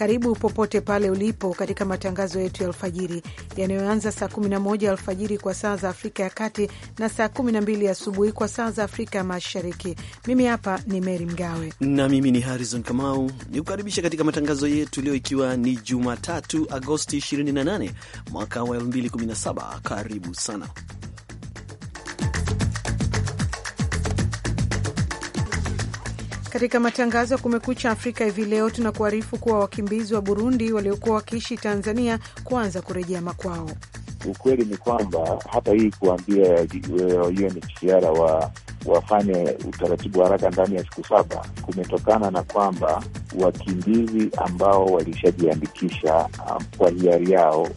Karibu popote pale ulipo katika matangazo yetu ya alfajiri yanayoanza saa 11 alfajiri kwa saa za Afrika ya Kati na saa 12 asubuhi kwa saa za Afrika ya Mashariki. Mimi hapa ni Meri Mgawe na mimi ni Harrison Kamau, ni kukaribisha katika matangazo yetu leo, ikiwa ni Jumatatu Agosti 28 mwaka wa 2017. Karibu sana Katika matangazo ya Kumekucha Afrika hivi leo tunakuarifu kuwa wakimbizi wa Burundi waliokuwa wakiishi Tanzania kuanza kurejea makwao. Ukweli ni kwamba hata hii kuambia eh, UNHCR wa wafanye utaratibu haraka ndani ya siku saba kumetokana na kwamba wakimbizi ambao walishajiandikisha um, kwa hiari yao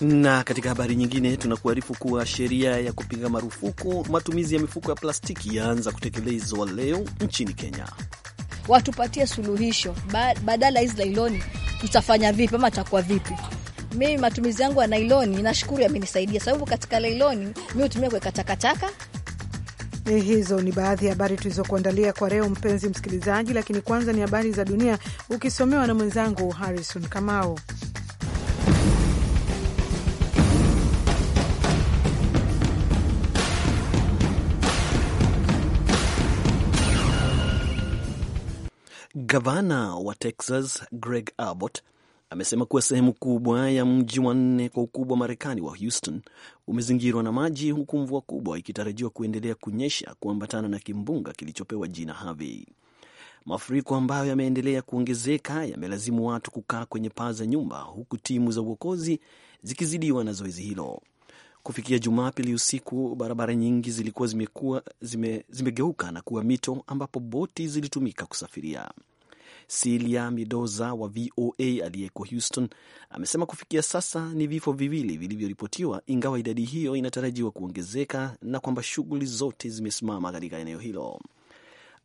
na katika habari nyingine tunakuarifu kuwa sheria ya kupiga marufuku matumizi ya mifuko ya plastiki yaanza kutekelezwa leo nchini Kenya. Watupatie suluhisho ba badala hizi nailoni, tutafanya vipi ama takuwa vipi? Mimi matumizi yangu ya nailoni nashukuru yamenisaidia, sababu katika nailoni mi hutumia kuweka takataka. Eh, hizo ni baadhi ya habari tulizokuandalia kwa leo, mpenzi msikilizaji, lakini kwanza ni habari za dunia ukisomewa na mwenzangu Harrison Kamao. Gavana wa Texas Greg Abbott amesema kuwa sehemu kubwa ya mji wa nne kwa ukubwa Marekani wa Houston umezingirwa na maji huku mvua kubwa ikitarajiwa kuendelea kunyesha kuambatana na kimbunga kilichopewa jina Harvey. Mafuriko ambayo yameendelea kuongezeka yamelazimu watu kukaa kwenye paa za nyumba huku timu za uokozi zikizidiwa na zoezi hilo. Kufikia Jumapili usiku, barabara nyingi zilikuwa zimekuwa, zime, zimegeuka na kuwa mito ambapo boti zilitumika kusafiria. Silia Midoza wa VOA aliyeko Houston amesema kufikia sasa ni vifo viwili vilivyoripotiwa, ingawa idadi hiyo inatarajiwa kuongezeka na kwamba shughuli zote zimesimama katika eneo hilo.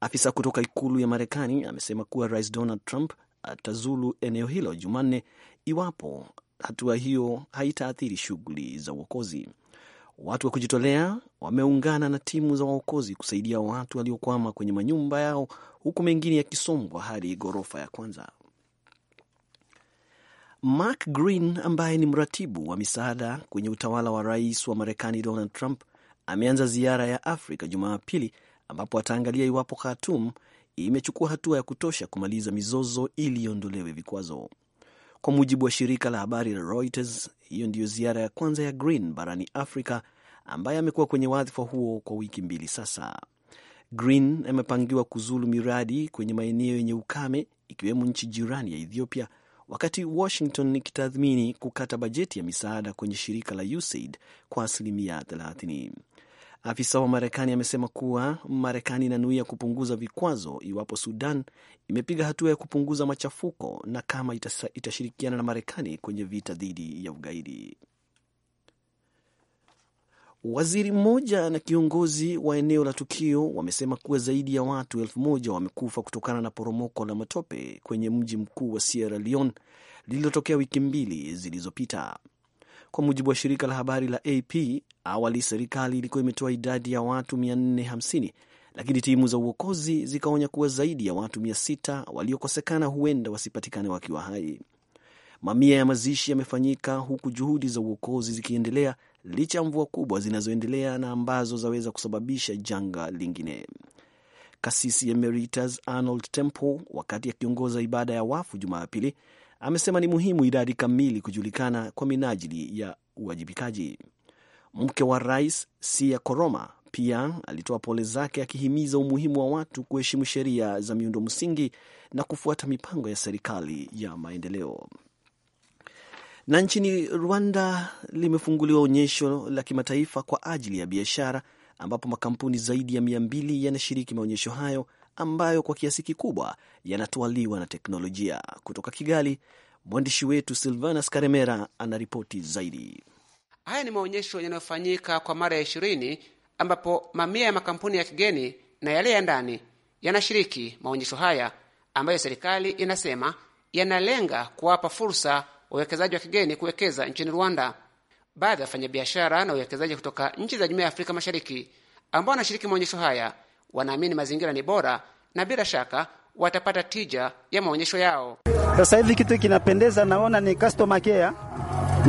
Afisa kutoka ikulu ya Marekani amesema kuwa Rais Donald Trump atazulu eneo hilo Jumanne iwapo hatua hiyo haitaathiri shughuli za uokozi. Watu wa kujitolea wameungana na timu za waokozi kusaidia watu waliokwama kwenye manyumba yao huku mengine yakisombwa hadi ghorofa ya kwanza. Mark Green ambaye ni mratibu wa misaada kwenye utawala wa rais wa Marekani Donald Trump ameanza ziara ya Afrika Jumapili ambapo ataangalia iwapo Khartoum imechukua hatua ya kutosha kumaliza mizozo ili iondolewe vikwazo. Kwa mujibu wa shirika la habari la Reuters, hiyo ndiyo ziara ya kwanza ya Green barani Afrika ambaye amekuwa kwenye wadhifa huo kwa wiki mbili sasa. Green amepangiwa kuzulu miradi kwenye maeneo yenye ukame ikiwemo nchi jirani ya Ethiopia, wakati Washington ikitathmini kukata bajeti ya misaada kwenye shirika la USAID kwa asilimia 30. Afisa wa Marekani amesema kuwa Marekani inanuia kupunguza vikwazo iwapo Sudan imepiga hatua ya kupunguza machafuko na kama itashirikiana na Marekani kwenye vita dhidi ya ugaidi. Waziri mmoja na kiongozi wa eneo la tukio wamesema kuwa zaidi ya watu elfu moja wamekufa kutokana na poromoko la matope kwenye mji mkuu wa Sierra Leone lililotokea wiki mbili zilizopita. Kwa mujibu wa shirika la habari la AP, awali serikali ilikuwa imetoa idadi ya watu 450 lakini timu za uokozi zikaonya kuwa zaidi ya watu 600 waliokosekana huenda wasipatikane wakiwa hai. Mamia ya mazishi yamefanyika huku juhudi za uokozi zikiendelea licha ya mvua kubwa zinazoendelea na ambazo zaweza kusababisha janga lingine. Kasisi Emeritus Arnold Temple, wakati akiongoza ibada ya wafu Jumapili, amesema ni muhimu idadi kamili kujulikana kwa minajili ya uwajibikaji. Mke wa rais Sia Koroma pia alitoa pole zake akihimiza umuhimu wa watu kuheshimu sheria za miundo msingi na kufuata mipango ya serikali ya maendeleo. Na nchini Rwanda limefunguliwa onyesho la kimataifa kwa ajili ya biashara ambapo makampuni zaidi ya mia mbili yanashiriki maonyesho hayo ambayo kwa kiasi kikubwa yanatwaliwa na teknolojia. Kutoka Kigali, mwandishi wetu Silvanus Karemera anaripoti zaidi. Haya ni maonyesho yanayofanyika kwa mara ya ishirini ambapo mamia ya makampuni ya kigeni na yale ya ndani yanashiriki maonyesho haya ambayo serikali inasema yanalenga kuwapa fursa wawekezaji wa kigeni kuwekeza nchini Rwanda. Baadhi ya wafanyabiashara na wawekezaji kutoka nchi za Jumuiya ya Afrika Mashariki ambao wanashiriki maonyesho haya wanaamini mazingira ni bora na bila shaka watapata tija ya maonyesho yao. Sasa hivi kitu kinapendeza, naona ni customer care.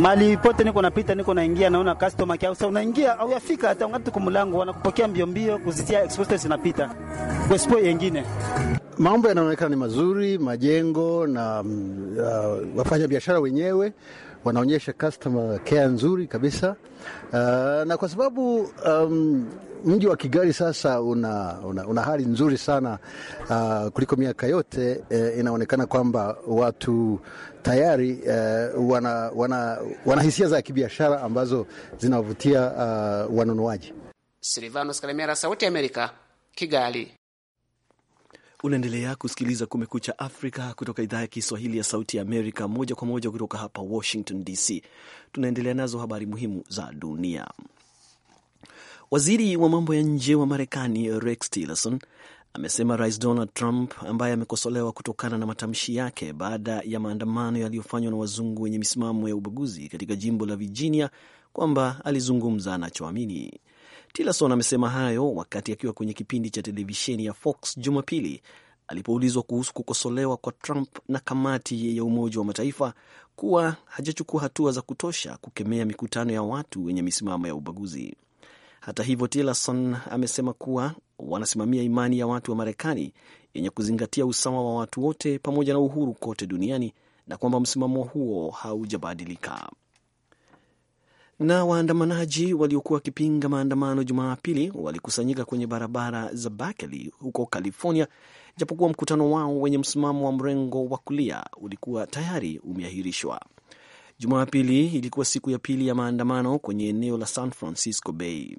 Mali pote niko napita, niko naingia, naona customer care. Sasa unaingia au yafika hata ungati kumlango, wanakupokea mbio mbio, kuzitia exposure zinapita kwa expo nyingine mambo yanaonekana ni mazuri, majengo na uh, wafanya biashara wenyewe wanaonyesha customer care nzuri kabisa. Uh, na kwa sababu um, mji wa Kigali sasa una, una, una hali nzuri sana uh, kuliko miaka yote uh, inaonekana kwamba watu tayari uh, wana, wana, wana hisia za kibiashara ambazo zinawavutia uh, wanunuaji. Silvanos Kalemera, Sauti ya Amerika, Kigali. Unaendelea kusikiliza Kumekucha Afrika kutoka idhaa ya Kiswahili ya Sauti ya Amerika, moja kwa moja kutoka hapa Washington DC. Tunaendelea nazo habari muhimu za dunia. Waziri wa mambo ya nje wa Marekani Rex Tillerson amesema Rais Donald Trump ambaye amekosolewa kutokana na matamshi yake baada ya maandamano yaliyofanywa na wazungu wenye misimamo ya ubaguzi katika jimbo la Virginia kwamba alizungumza anachoamini. Tillerson amesema hayo wakati akiwa kwenye kipindi cha televisheni ya Fox Jumapili alipoulizwa kuhusu kukosolewa kwa Trump na kamati ya Umoja wa Mataifa kuwa hajachukua hatua za kutosha kukemea mikutano ya watu wenye misimamo ya ubaguzi. Hata hivyo, Tillerson amesema kuwa wanasimamia imani ya watu wa Marekani yenye kuzingatia usawa wa watu wote pamoja na uhuru kote duniani na kwamba msimamo huo haujabadilika na waandamanaji waliokuwa wakipinga maandamano Jumapili walikusanyika kwenye barabara za Berkeley huko California, japokuwa mkutano wao wenye msimamo wa mrengo wa kulia ulikuwa tayari umeahirishwa. Jumapili ilikuwa siku ya pili ya maandamano kwenye eneo la San Francisco Bay.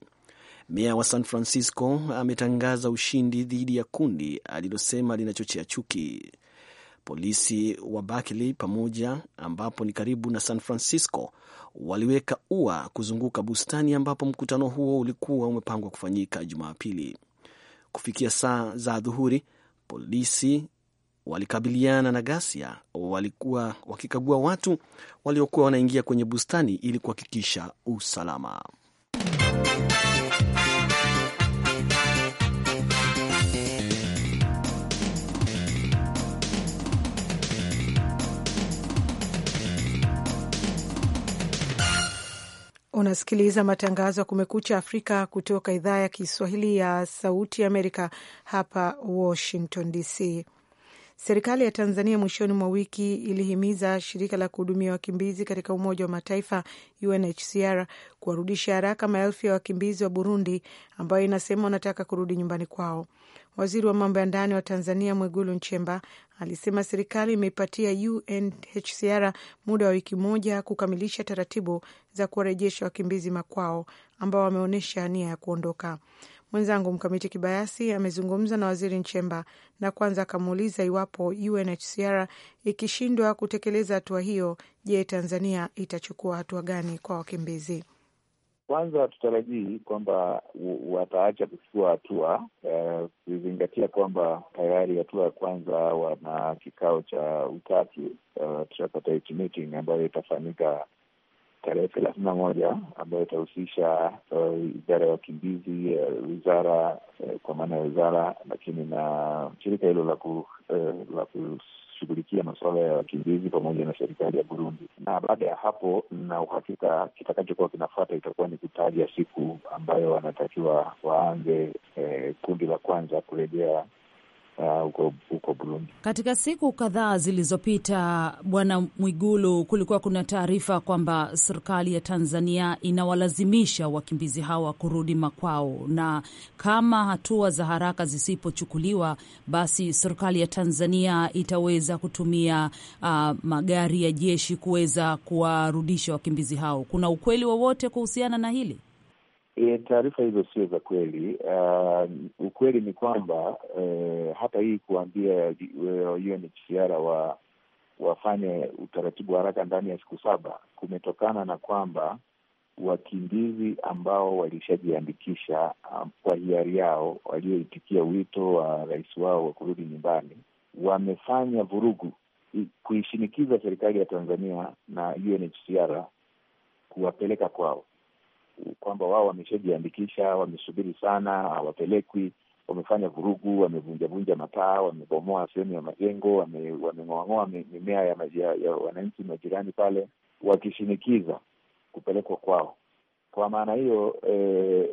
Meya wa San Francisco ametangaza ushindi dhidi ya kundi alilosema linachochea chuki. Polisi wa Berkeley pamoja, ambapo ni karibu na San Francisco, waliweka ua kuzunguka bustani ambapo mkutano huo ulikuwa umepangwa kufanyika Jumapili. Kufikia saa za dhuhuri, polisi walikabiliana na ghasia, walikuwa wakikagua watu waliokuwa wanaingia kwenye bustani ili kuhakikisha usalama. Unasikiliza matangazo ya Kumekucha Afrika kutoka idhaa ya Kiswahili ya Sauti Amerika, hapa Washington DC. Serikali ya Tanzania mwishoni mwa wiki ilihimiza shirika la kuhudumia wakimbizi katika Umoja wa Mataifa, UNHCR, kuwarudisha haraka maelfu ya wakimbizi wa Burundi ambayo inasema wanataka kurudi nyumbani kwao. Waziri wa mambo ya ndani wa Tanzania Mwigulu Nchemba alisema serikali imeipatia UNHCR muda wa wiki moja kukamilisha taratibu za kuwarejesha wakimbizi makwao ambao wameonyesha nia ya kuondoka. Mwenzangu Mkamiti Kibayasi amezungumza na waziri Nchemba na kwanza akamuuliza iwapo UNHCR ikishindwa kutekeleza hatua hiyo, je, Tanzania itachukua hatua gani kwa wakimbizi? Kwanza hatutarajii kwamba wataacha kuchukua hatua eh, kuzingatia, uh, kwamba tayari hatua ya kwanza wana kikao cha utatu uh, eh, tripartite meeting ambayo itafanyika tarehe thelathini na moja ambayo itahusisha eh, idara ya wakimbizi, wizara kwa maana ya wizara, lakini na shirika hilo la kushughulikia masuala ya wakimbizi pamoja na serikali ya Burundi. Na baada ya hapo, na uhakika kitakachokuwa kinafuata itakuwa ni kutaja siku ambayo wanatakiwa waanze eh, kundi la kwanza kurejea Uh, huko uh, Burundi. Katika siku kadhaa zilizopita, Bwana Mwigulu, kulikuwa kuna taarifa kwamba serikali ya Tanzania inawalazimisha wakimbizi hawa kurudi makwao, na kama hatua za haraka zisipochukuliwa, basi serikali ya Tanzania itaweza kutumia uh, magari ya jeshi kuweza kuwarudisha wakimbizi hao. Kuna ukweli wowote kuhusiana na hili? E, taarifa hizo sio za kweli. Uh, ukweli ni kwamba uh, hata hii kuambia e, UNHCR wa wafanye utaratibu wa haraka ndani ya siku saba kumetokana na kwamba wakimbizi ambao walishajiandikisha um, kwa hiari yao walioitikia wito wa rais wao wa kurudi nyumbani wamefanya vurugu kuishinikiza serikali ya Tanzania na UNHCR kuwapeleka kwao kwamba wao wameshajiandikisha, wamesubiri sana, hawapelekwi, wamefanya vurugu, wamevunjavunja mataa, wamebomoa sehemu ya majengo, wameng'oang'oa wame mimea ya, ya, ya wananchi majirani pale, wakishinikiza kupelekwa kwao. Kwa maana hiyo eh,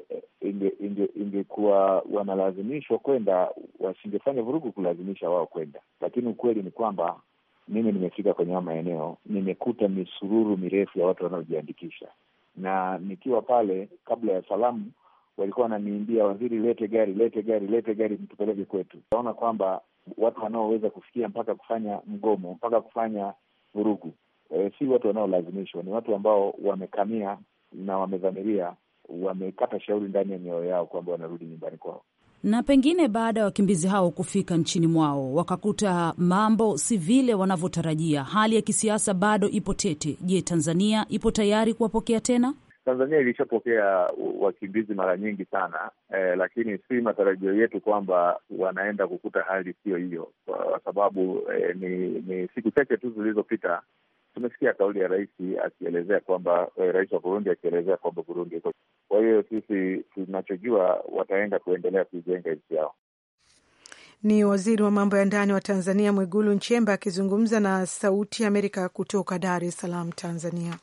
ingekuwa inge wanalazimishwa kwenda, wasingefanya vurugu kulazimisha wao kwenda. Lakini ukweli ni kwamba mimi nimefika kwenye hayo maeneo, nimekuta misururu mirefu ya watu wanaojiandikisha na nikiwa pale, kabla ya salamu, walikuwa wananiimbia waziri, lete gari, lete gari, lete gari, mtupeleke kwetu. Naona kwamba watu wanaoweza kufikia mpaka kufanya mgomo mpaka kufanya vurugu e, si watu wanaolazimishwa, ni watu ambao wamekamia na wamedhamiria, wamekata shauri ndani ya mioyo yao kwamba wanarudi nyumbani kwao na pengine baada ya wakimbizi hao kufika nchini mwao wakakuta mambo si vile wanavyotarajia, hali ya kisiasa bado ipo tete. Je, Tanzania ipo tayari kuwapokea tena? Tanzania ilishapokea wakimbizi mara nyingi sana eh, lakini si matarajio yetu kwamba wanaenda kukuta hali siyo hiyo, kwa sababu eh, ni, ni siku chache tu zilizopita tumesikia kauli ya rais akielezea kwamba eh, rais wa Burundi akielezea kwamba Burundi iko kwa hiyo sisi tunachojua wataenda kuendelea kuijenga nchi yao. Ni waziri wa mambo ya ndani wa Tanzania Mwigulu Nchemba akizungumza na Sauti ya Amerika kutoka Dar es Salaam, Tanzania.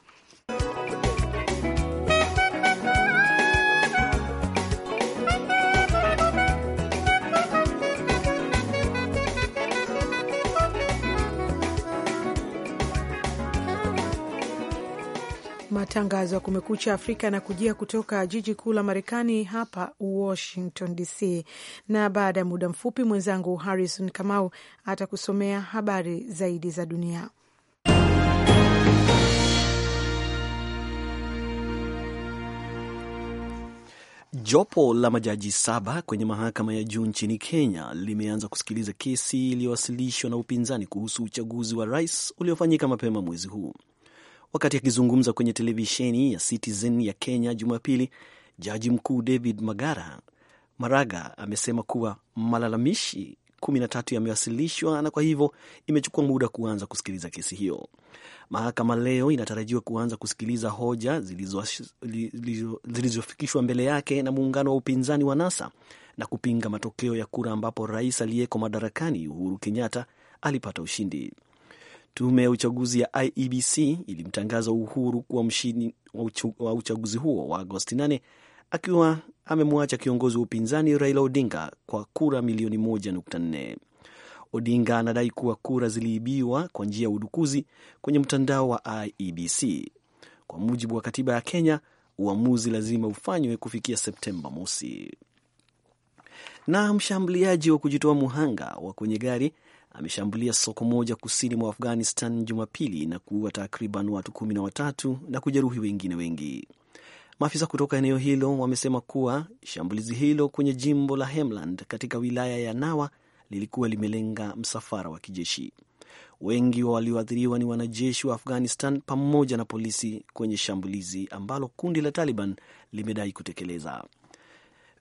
Matangazo ya Kumekucha Afrika yanakujia kutoka jiji kuu la Marekani, hapa Washington DC, na baada ya muda mfupi mwenzangu Harrison Kamau atakusomea habari zaidi za dunia. Jopo la majaji saba kwenye mahakama ya juu nchini Kenya limeanza kusikiliza kesi iliyowasilishwa na upinzani kuhusu uchaguzi wa rais uliofanyika mapema mwezi huu. Wakati akizungumza kwenye televisheni ya Citizen ya Kenya Jumapili, jaji mkuu David Magara Maraga amesema kuwa malalamishi kumi na tatu yamewasilishwa na kwa hivyo imechukua muda kuanza kusikiliza kesi hiyo. Mahakama leo inatarajiwa kuanza kusikiliza hoja zilizofikishwa mbele yake na muungano wa upinzani wa NASA na kupinga matokeo ya kura ambapo rais aliyeko madarakani Uhuru Kenyatta alipata ushindi. Tume ya uchaguzi ya IEBC ilimtangaza Uhuru kuwa mshindi wa uchaguzi huo wa Agosti 8 akiwa amemwacha kiongozi wa upinzani Raila Odinga kwa kura milioni 1.4. Odinga anadai kuwa kura ziliibiwa kwa njia ya udukuzi kwenye mtandao wa IEBC. Kwa mujibu wa katiba ya Kenya, uamuzi lazima ufanywe kufikia Septemba mosi. Na mshambuliaji wa kujitoa muhanga wa kwenye gari ameshambulia soko moja kusini mwa Afghanistan Jumapili na kuua takriban watu kumi na watatu na kujeruhi wengine wengi. Maafisa kutoka eneo hilo wamesema kuwa shambulizi hilo kwenye jimbo la Hemland katika wilaya ya Nawa lilikuwa limelenga msafara wa kijeshi. Wengi wa walioathiriwa ni wanajeshi wa Afghanistan pamoja na polisi kwenye shambulizi ambalo kundi la Taliban limedai kutekeleza.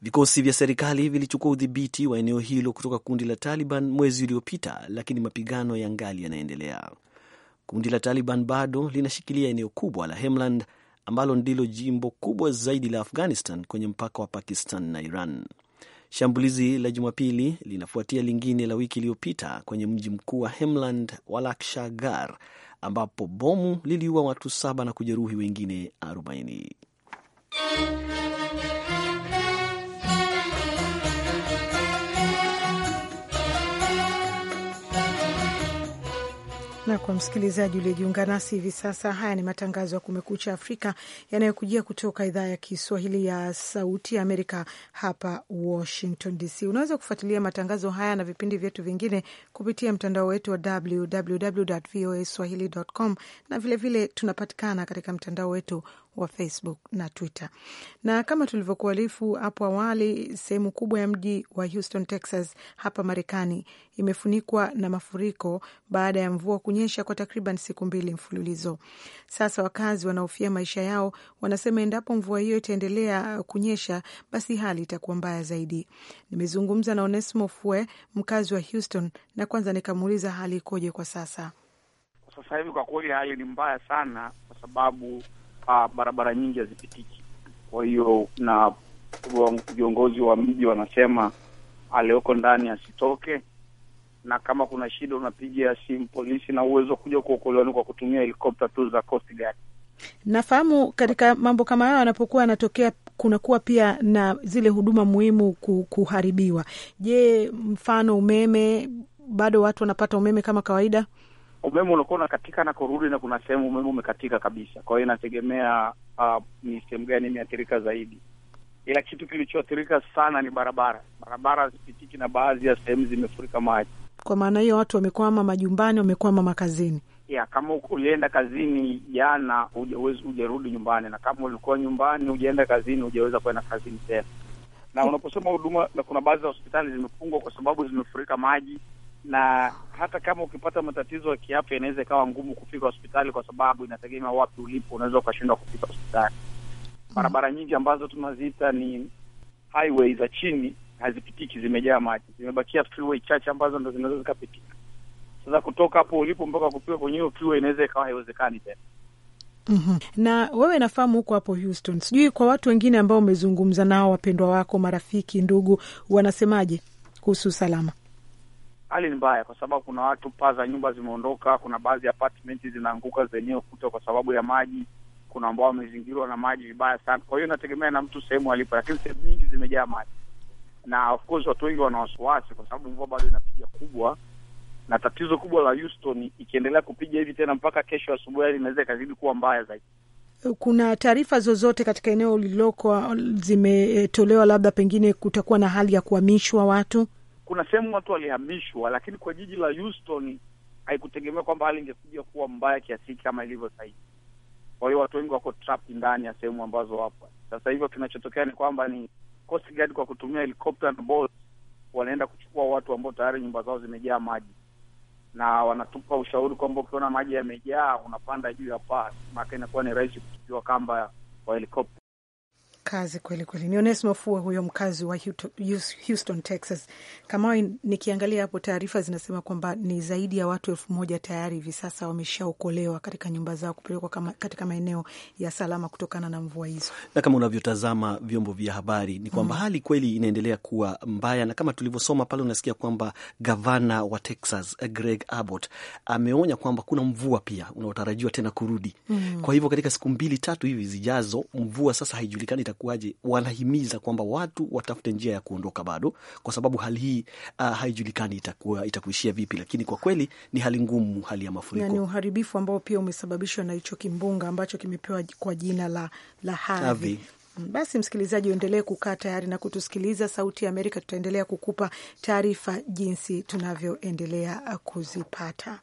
Vikosi vya serikali vilichukua udhibiti wa eneo hilo kutoka kundi la Taliban mwezi uliopita, lakini mapigano ya ngali yanaendelea. Kundi la Taliban bado linashikilia eneo kubwa la Hemland ambalo ndilo jimbo kubwa zaidi la Afghanistan kwenye mpaka wa Pakistan na Iran. Shambulizi la Jumapili linafuatia lingine la wiki iliyopita kwenye mji mkuu wa Hemland wa Lakshgar, ambapo bomu liliua watu saba na kujeruhi wengine 40. na kwa msikilizaji uliyejiunga nasi hivi sasa, haya ni matangazo ya Kumekucha Afrika yanayokujia kutoka idhaa ya Kiswahili ya Sauti ya Amerika hapa Washington DC. Unaweza kufuatilia matangazo haya na vipindi vyetu vingine kupitia mtandao wetu wa www voa swahili com, na vilevile tunapatikana katika mtandao wetu wa Facebook na Twitter. Na kama tulivyokuarifu hapo awali, sehemu kubwa ya mji wa Houston, Texas hapa Marekani imefunikwa na mafuriko baada ya mvua kunyesha kwa takriban siku mbili mfululizo. Sasa wakazi wanaofia maisha yao wanasema endapo mvua hiyo itaendelea kunyesha, basi hali itakuwa mbaya zaidi. Nimezungumza na onesimo Fue, mkazi wa Houston, na kwanza nikamuuliza hali ikoje kwa sasa. sasa hivi kwa kweli hali ni mbaya sana, kwa sababu Ah, barabara nyingi hazipitiki. Kwa hiyo na viongozi wa mji wanasema alioko ndani asitoke, na kama kuna shida unapiga simu polisi, na uwezo kuja kuokolewa ni kwa kutumia helikopta tu za Coast Guard. Nafahamu katika mambo kama hayo yanapokuwa yanatokea kunakuwa pia na zile huduma muhimu kuharibiwa. Je, mfano umeme, bado watu wanapata umeme kama kawaida? umeme unakuwa unakatika na kurudi, na kuna sehemu umeme umekatika kabisa. Kwa hiyo inategemea uh, ni sehemu gani imeathirika zaidi, ila kitu kilichoathirika sana ni barabara. Barabara hazipitiki na baadhi ya sehemu zimefurika maji. Kwa maana hiyo, watu wamekwama majumbani, wamekwama makazini. Yeah, kama ulienda kazini jana hujawezi hujarudi nyumbani, na kama ulikuwa nyumbani hujaenda kazini hujaweza kwenda kazini tena. Na unaposema huduma, na kuna baadhi za hospitali zimefungwa kwa sababu zimefurika maji na hata kama ukipata matatizo ya kiafya inaweza ikawa ngumu kufika hospitali, kwa sababu inategemea wapi ulipo, unaweza ukashindwa kufika hospitali. Barabara mm. nyingi ambazo tunaziita ni highway za chini hazipitiki, zimejaa maji, zimebakia freeway chache ambazo ndo zinaweza zikapitika. Sasa kutoka hapo ulipo mpaka kufika kwenye hiyo freeway inaweza ikawa haiwezekani tena. Mm -hmm. Na wewe nafahamu huko hapo Houston, sijui kwa watu wengine ambao umezungumza nao, wapendwa wako, marafiki, ndugu, wanasemaje kuhusu usalama? hali ni mbaya, kwa sababu kuna watu paa za nyumba zimeondoka, kuna baadhi ya apartment zinaanguka zenyewe kuta kwa sababu ya maji, kuna ambao wamezingirwa na maji vibaya sana. Kwa hiyo inategemea na mtu sehemu alipo, lakini sehemu nyingi zimejaa maji, na of course watu wengi wana wasiwasi, kwa sababu mvua bado inapiga kubwa, na tatizo kubwa la Houston, ikiendelea kupiga hivi tena mpaka kesho asubuhi, hali inaweza ikazidi kuwa mbaya zaidi. Kuna taarifa zozote katika eneo lililoko zimetolewa, labda pengine kutakuwa na hali ya kuhamishwa watu? kuna sehemu watu walihamishwa, lakini kwa jiji la Houston haikutegemea kwamba hali ingekuja kuwa mbaya kiasi hiki kama ilivyo sasa hivi. Kwa hiyo watu wengi wako trapped ndani ya sehemu ambazo wapo sasa hivyo Kinachotokea ni kwamba ni Coast Guard kwa kutumia helicopter na boat wanaenda kuchukua watu ambao tayari nyumba zao zimejaa maji, na wanatupa ushauri kwamba ukiona maji yamejaa, unapanda juu ya paa, maana inakuwa ni rahisi kutupiwa kamba kwa helikopta kazi kweli kweli. Ni Onesimo Fue huyo mkazi wa Houston, Texas. Kama nikiangalia hapo, taarifa zinasema kwamba ni zaidi ya watu elfu moja tayari hivi sasa wameshaokolewa katika nyumba zao kupelekwa katika maeneo ya salama kutokana na mvua hizo, na kama unavyotazama vyombo vya habari ni kwamba mm, hali kweli inaendelea kuwa mbaya, na kama tulivyosoma pale, unasikia kwamba gavana wa Texas Greg Abbott ameonya kwamba kuna mvua pia unaotarajiwa tena kurudi mm. Kwa hivyo katika siku mbili tatu hivi zijazo, mvua sasa haijulikani itakuwaje, wanahimiza kwamba watu watafute njia ya kuondoka bado, kwa sababu hali hii uh, haijulikani itakuwa itakuishia vipi, lakini kwa kweli ni hali ngumu, hali ya mafuriko yani, uharibifu ambao pia umesababishwa na hicho kimbunga ambacho kimepewa kwa jina la, la Harvey. Mm, basi msikilizaji, uendelee kukaa tayari na kutusikiliza Sauti ya Amerika. Tutaendelea kukupa taarifa jinsi tunavyoendelea kuzipata.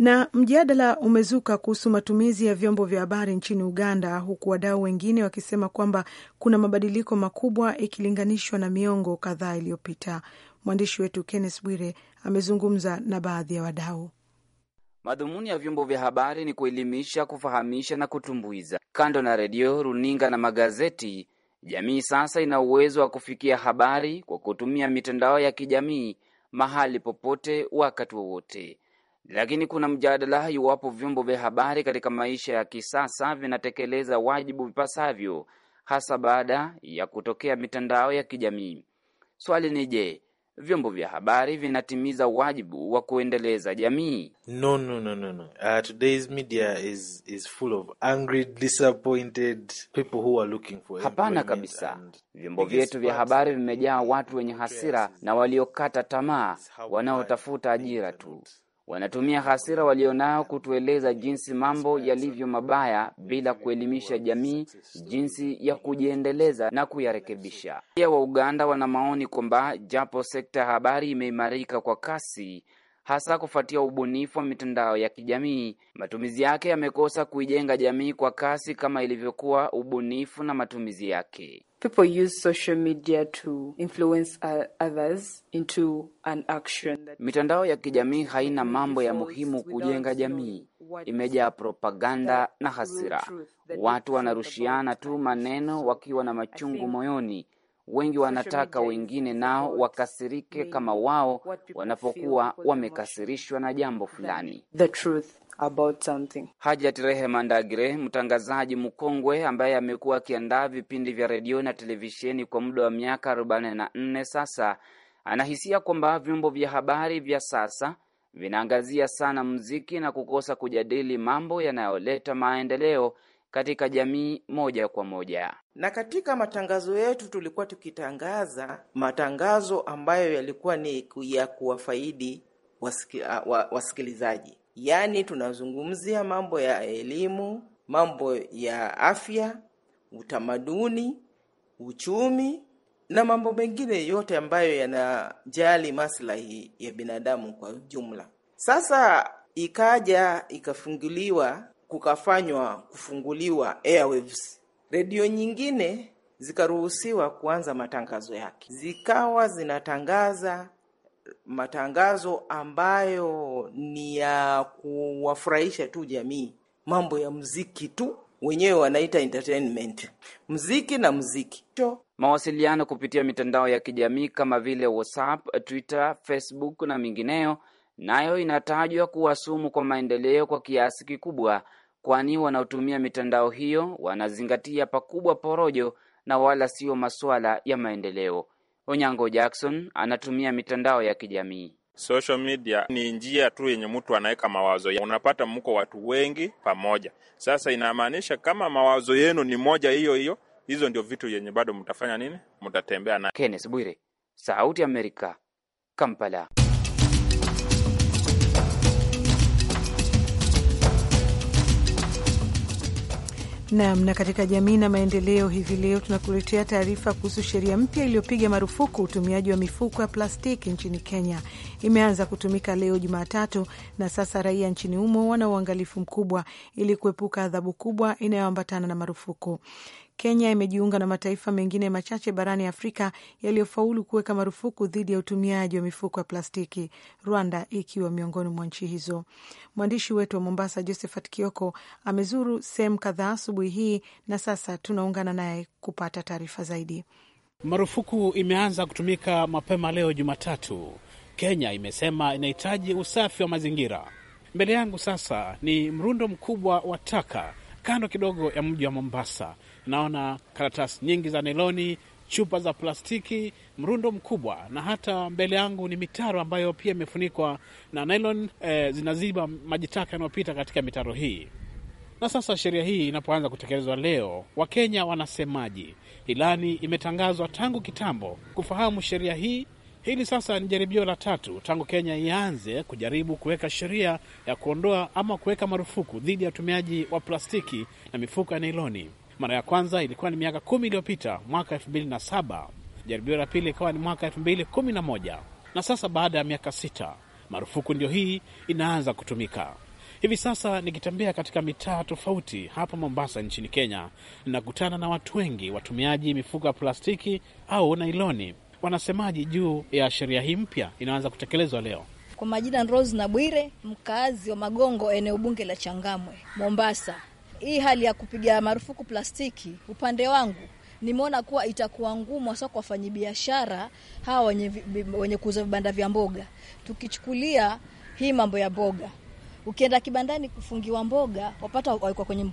Na mjadala umezuka kuhusu matumizi ya vyombo vya habari nchini Uganda, huku wadau wengine wakisema kwamba kuna mabadiliko makubwa ikilinganishwa na miongo kadhaa iliyopita. Mwandishi wetu Kenneth Bwire amezungumza na baadhi ya wadau. Madhumuni ya vyombo vya habari ni kuelimisha, kufahamisha na kutumbuiza. Kando na redio, runinga na magazeti, jamii sasa ina uwezo wa kufikia habari kwa kutumia mitandao ya kijamii mahali popote, wakati wowote lakini kuna mjadala iwapo vyombo vya habari katika maisha ya kisasa vinatekeleza wajibu vipasavyo, hasa baada ya kutokea mitandao ya kijamii. Swali ni je, vyombo vya habari vinatimiza wajibu wa kuendeleza jamii? No, no, no, no, no. Uh, today's media is, is full of angry, disappointed people who are looking for. Hapana kabisa, vyombo vyetu vya habari vimejaa watu wenye hasira na waliokata tamaa wanaotafuta ajira tu. Wanatumia hasira walionao kutueleza jinsi mambo yalivyo mabaya bila kuelimisha jamii jinsi ya kujiendeleza na kuyarekebisha. Pia wa Uganda wana maoni kwamba japo sekta ya habari imeimarika kwa kasi hasa kufuatia ubunifu wa mitandao ya kijamii, matumizi yake yamekosa kuijenga jamii kwa kasi kama ilivyokuwa ubunifu na matumizi yake people use social media to influence others into an action. Mitandao ya kijamii haina mambo ya muhimu kujenga jamii, imejaa propaganda na hasira. Watu wanarushiana tu maneno wakiwa na machungu moyoni. Wengi wanataka wengine nao wakasirike kama wao wanapokuwa wamekasirishwa na jambo fulani. The truth about something. Hajat Rehema Ndagire, mtangazaji mkongwe ambaye amekuwa akiandaa vipindi vya redio na televisheni kwa muda wa miaka 44 sasa, anahisia kwamba vyombo vya habari vya sasa vinaangazia sana muziki na kukosa kujadili mambo yanayoleta maendeleo katika jamii moja kwa moja. Na katika matangazo yetu tulikuwa tukitangaza matangazo ambayo yalikuwa ni ya kuwafaidi wasiki, wa, wasikilizaji yaani tunazungumzia mambo ya elimu, mambo ya afya, utamaduni, uchumi na mambo mengine yote ambayo yanajali maslahi ya binadamu kwa jumla. Sasa ikaja ikafunguliwa, kukafanywa kufunguliwa airwaves, redio nyingine zikaruhusiwa kuanza matangazo yake, zikawa zinatangaza matangazo ambayo ni ya kuwafurahisha tu jamii, mambo ya mziki tu, wenyewe wanaita entertainment, mziki na mziki to. Mawasiliano kupitia mitandao ya kijamii kama vile WhatsApp, Twitter, Facebook na mingineyo, nayo inatajwa kuwa sumu kwa maendeleo kwa kiasi kikubwa, kwani wanaotumia mitandao hiyo wanazingatia pakubwa porojo na wala sio masuala ya maendeleo. Onyango Jackson anatumia mitandao ya kijamii. Social media ni njia tu yenye mtu anaweka mawazo ya. Unapata mko watu wengi pamoja, sasa inamaanisha kama mawazo yenu ni moja hiyo hiyo, hizo ndio vitu yenye bado mtafanya nini, mtatembea na. Kenneth Bwire, Sauti ya Amerika, Kampala. Nam. Na katika jamii na maendeleo, hivi leo tunakuletea taarifa kuhusu sheria mpya iliyopiga marufuku utumiaji wa mifuko ya plastiki nchini Kenya. Imeanza kutumika leo Jumatatu, na sasa raia nchini humo wana uangalifu mkubwa ili kuepuka adhabu kubwa inayoambatana na marufuku. Kenya imejiunga na mataifa mengine machache barani Afrika yaliyofaulu kuweka marufuku dhidi ya utumiaji wa mifuko ya plastiki, Rwanda ikiwa miongoni mwa nchi hizo. Mwandishi wetu wa Mombasa, Josephat Kioko, amezuru sehemu kadhaa asubuhi hii na sasa tunaungana naye kupata taarifa zaidi. Marufuku imeanza kutumika mapema leo Jumatatu. Kenya imesema inahitaji usafi wa mazingira. Mbele yangu sasa ni mrundo mkubwa wa taka kando kidogo ya mji wa Mombasa, Naona karatasi nyingi za neloni, chupa za plastiki, mrundo mkubwa, na hata mbele yangu ni mitaro ambayo pia imefunikwa na nylon, eh, zinaziba maji taka yanayopita katika mitaro hii. Na sasa sheria hii inapoanza kutekelezwa leo, Wakenya wanasemaje? Ilani imetangazwa tangu kitambo kufahamu sheria hii. Hili sasa ni jaribio la tatu tangu Kenya ianze kujaribu kuweka sheria ya kuondoa ama kuweka marufuku dhidi ya utumiaji wa plastiki na mifuko ya nailoni. Mara ya kwanza ilikuwa ni miaka kumi iliyopita mwaka elfu mbili na saba. Jaribio la pili ikawa ni mwaka elfu mbili kumi na moja na sasa baada ya miaka sita marufuku ndio hii inaanza kutumika. Hivi sasa nikitembea katika mitaa tofauti hapa Mombasa nchini Kenya, nakutana na watu wengi watumiaji mifuko ya plastiki au nailoni. Wanasemaji juu ya sheria hii mpya inaanza kutekelezwa leo? Kwa majina Rose na Bwire, mkaazi wa Magongo, eneo bunge la Changamwe, Mombasa hii hali ya kupiga marufuku plastiki, upande wangu nimeona kuwa itakuwa ngumu hasa kwa wafanyabiashara hawa wenye, wenye kuuza vibanda vya mboga. Tukichukulia hii mambo ya mboga, ukienda kibandani kufungiwa mboga wapata wawekwa kwenye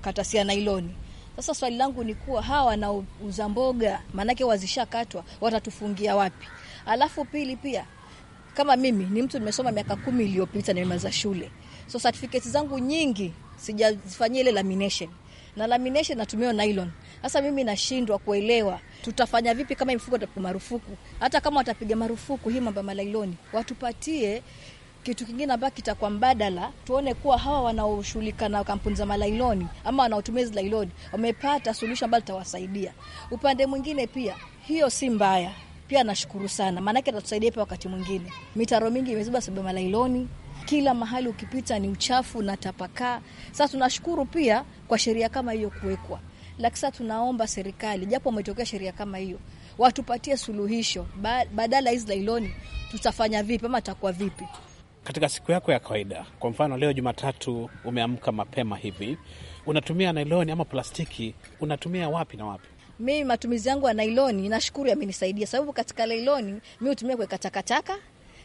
karatasi ya nailoni. Sasa swali langu ni kuwa hawa wanaouza mboga, maanake wazishakatwa, watatufungia wapi? Alafu pili pia kama mimi ni mtu nimesoma miaka kumi iliyopita, nimemaliza shule, so certificate zangu nyingi sijafanyia ile lamination na lamination natumia nylon. Sasa mimi nashindwa kuelewa tutafanya vipi kama mifuko itapigwa marufuku. Hata kama watapiga marufuku hii mambo ya malailoni, watupatie kitu kingine ambacho kitakuwa mbadala, tuone kuwa hawa wanaoshughulika na kampuni za malailoni ama wanaotumia hizi lailoni wamepata suluhisho ambalo litawasaidia. Upande mwingine pia hiyo si mbaya pia, nashukuru sana, maanake atatusaidia pia. Wakati mwingine mitaro mingi imeziba sababu malailoni kila mahali ukipita ni uchafu na tapakaa. Sasa tunashukuru pia kwa sheria kama hiyo kuwekwa, lakini sasa tunaomba serikali, japo umetokea sheria kama hiyo, watupatie suluhisho ba, badala hizi lailoni, tutafanya vipi ama takuwa vipi katika siku yako ya kawaida? Kwa mfano leo Jumatatu umeamka mapema hivi, unatumia nailoni ama plastiki, unatumia wapi na wapi? Mimi matumizi yangu ya nailoni nashukuru yamenisaidia, sababu katika nailoni mi hutumia kuweka takataka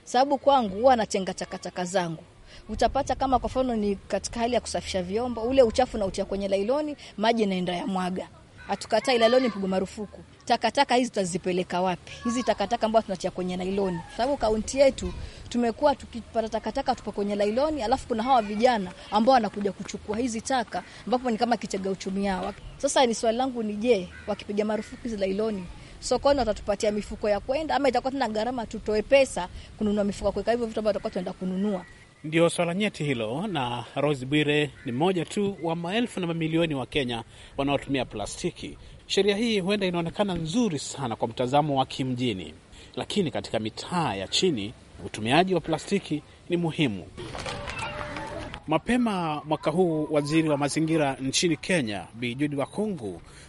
sababu kwangu huwa natenga takataka zangu utapata kama kwa mfano ni katika hali ya kusafisha vyombo, ule uchafu nautia kwenye lailoni, maji naenda ya mwaga. Hatukatai lailoni pigwa marufuku. Takataka hizi tutazipeleka wapi? Hizi takataka ambazo tunatia kwenye lailoni, sababu kaunti yetu tumekuwa tukipata takataka tupo kwenye lailoni, alafu kuna hawa vijana ambao wanakuja kuchukua hizi taka, ambapo ni kama kitega uchumi yao. Sasa ni swali langu ni je, wakipiga marufuku hizi lailoni sokoni watatupatia mifuko ya kwenda, ama itakuwa tena gharama tutoe pesa kununua mifuko ya kuweka hivyo vitu ambavyo tutakuwa tunaenda kununua. Ndio swala nyeti hilo, na Rose Bwire ni mmoja tu wa maelfu na mamilioni wa Kenya wanaotumia plastiki. Sheria hii huenda inaonekana nzuri sana kwa mtazamo wa kimjini, lakini katika mitaa ya chini utumiaji wa plastiki ni muhimu. Mapema mwaka huu waziri wa mazingira nchini Kenya Bi Judy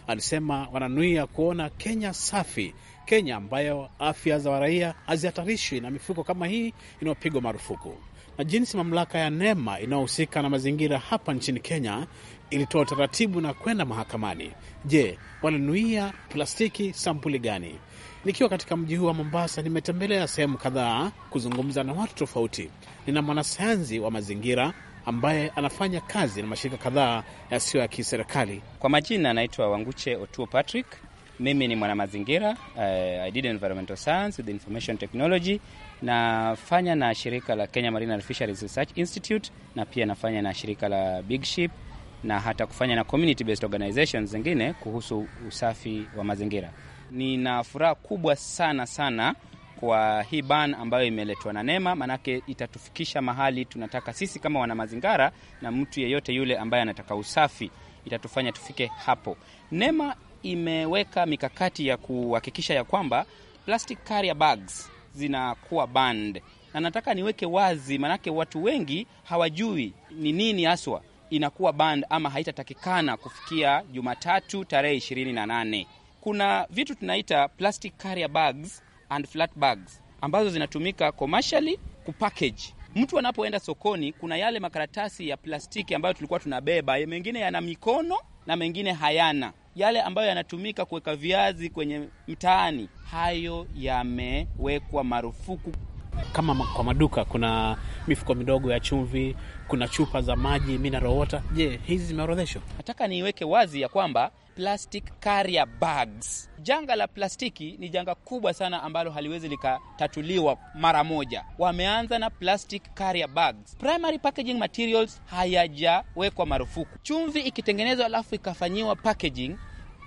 alisema wananuia kuona Kenya safi, Kenya ambayo afya za raia hazihatarishwi na mifuko kama hii inayopigwa marufuku, na jinsi mamlaka ya NEMA inayohusika na mazingira hapa nchini Kenya ilitoa utaratibu na kwenda mahakamani. Je, wananuia plastiki sampuli gani? Nikiwa katika mji huu wa Mombasa, nimetembelea sehemu kadhaa kuzungumza na watu tofauti. Nina mwanasayansi wa mazingira ambaye anafanya kazi na mashirika kadhaa yasiyo ya kiserikali. Kwa majina anaitwa Wanguche Otuo Patrick. Mimi ni mwanamazingira. Uh, I did environmental science with information technology. Nafanya na shirika la Kenya Marine and Fisheries Research Institute, na pia nafanya na shirika la Big Ship na hata kufanya na community based organizations zingine kuhusu usafi wa mazingira. Nina furaha kubwa sana sana kwa hii ban ambayo imeletwa na NEMA, maanake itatufikisha mahali tunataka sisi kama wanamazingara na mtu yeyote yule ambaye anataka usafi, itatufanya tufike hapo. NEMA imeweka mikakati ya kuhakikisha ya kwamba plastic carrier bags zinakuwa banned, na nataka niweke wazi, maanake watu wengi hawajui ni nini haswa inakuwa banned ama haitatakikana kufikia Jumatatu tarehe 28. Kuna vitu tunaita plastic carrier bags and flat bags ambazo zinatumika commercially kupackage mtu anapoenda sokoni. Kuna yale makaratasi ya plastiki ambayo tulikuwa tunabeba, mengine yana mikono na mengine hayana. Yale ambayo yanatumika kuweka viazi kwenye mtaani, hayo yamewekwa marufuku. Kama kwa maduka kuna mifuko midogo ya chumvi, kuna chupa za maji mineral water. Je, hizi zimeorodheshwa? Nataka niiweke wazi ya kwamba plastic carrier bags. Janga la plastiki ni janga kubwa sana ambalo haliwezi likatatuliwa mara moja. Wameanza na plastic carrier bags. Primary packaging materials hayajawekwa marufuku. Chumvi ikitengenezwa alafu ikafanyiwa packaging,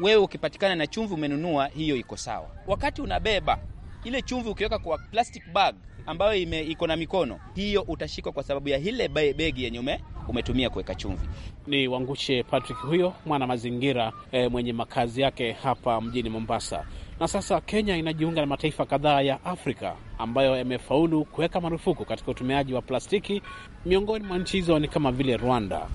wewe ukipatikana na chumvi umenunua, hiyo iko sawa. Wakati unabeba ile chumvi ukiweka kwa plastic bag ambayo iko na mikono hiyo, utashikwa kwa sababu ya ile begi yenye ume umetumia kuweka chumvi. Ni wangushe Patrick huyo mwana mazingira e, mwenye makazi yake hapa mjini Mombasa. Na sasa Kenya inajiunga na mataifa kadhaa ya Afrika ambayo yamefaulu kuweka marufuku katika utumiaji wa plastiki. Miongoni mwa nchi hizo ni kama vile Rwanda.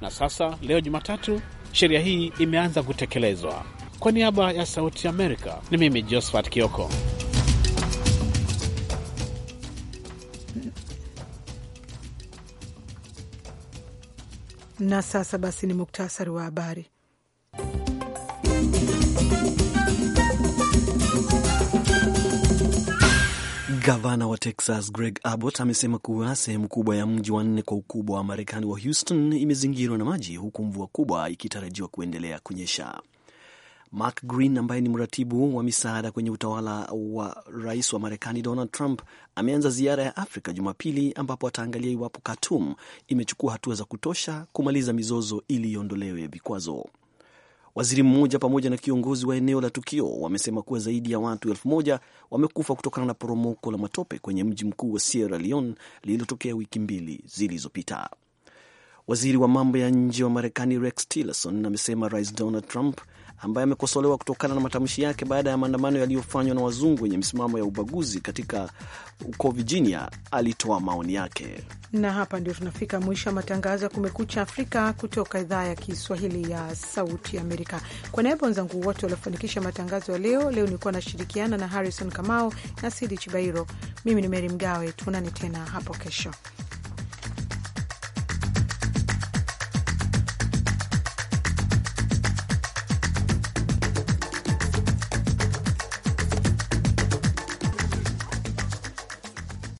Na sasa leo Jumatatu, sheria hii imeanza kutekelezwa. Kwa niaba ya Sauti Amerika, ni mimi Josephat Kioko. Na sasa basi ni muktasari wa habari. Gavana wa Texas Greg Abbott amesema kuwa sehemu kubwa ya mji wa nne kwa ukubwa wa Marekani wa Houston imezingirwa na maji huku mvua kubwa ikitarajiwa kuendelea kunyesha. Mark Green ambaye ni mratibu wa misaada kwenye utawala wa rais wa Marekani Donald Trump ameanza ziara ya Afrika Jumapili, ambapo ataangalia iwapo Khartoum imechukua hatua za kutosha kumaliza mizozo ili iondolewe vikwazo. Waziri mmoja pamoja na kiongozi wa eneo la tukio wamesema kuwa zaidi ya watu elfu moja wamekufa kutokana na poromoko la matope kwenye mji mkuu wa Sierra Leone lililotokea wiki mbili zilizopita. Waziri wa mambo ya nje wa Marekani Rex Tillerson amesema Rais Donald Trump ambaye amekosolewa kutokana na matamshi yake baada ya maandamano yaliyofanywa na wazungu wenye msimamo ya ubaguzi katika uko Virginia, alitoa maoni yake. Na hapa ndio tunafika mwisho wa matangazo ya Kumekucha Afrika kutoka idhaa ya Kiswahili ya Sauti Amerika. Kwa niaba wenzangu wote waliofanikisha matangazo ya leo, leo nilikuwa nashirikiana na Harrison Kamau na Sidi Chibairo. Mimi ni Meri Mgawe, tuonane tena hapo kesho.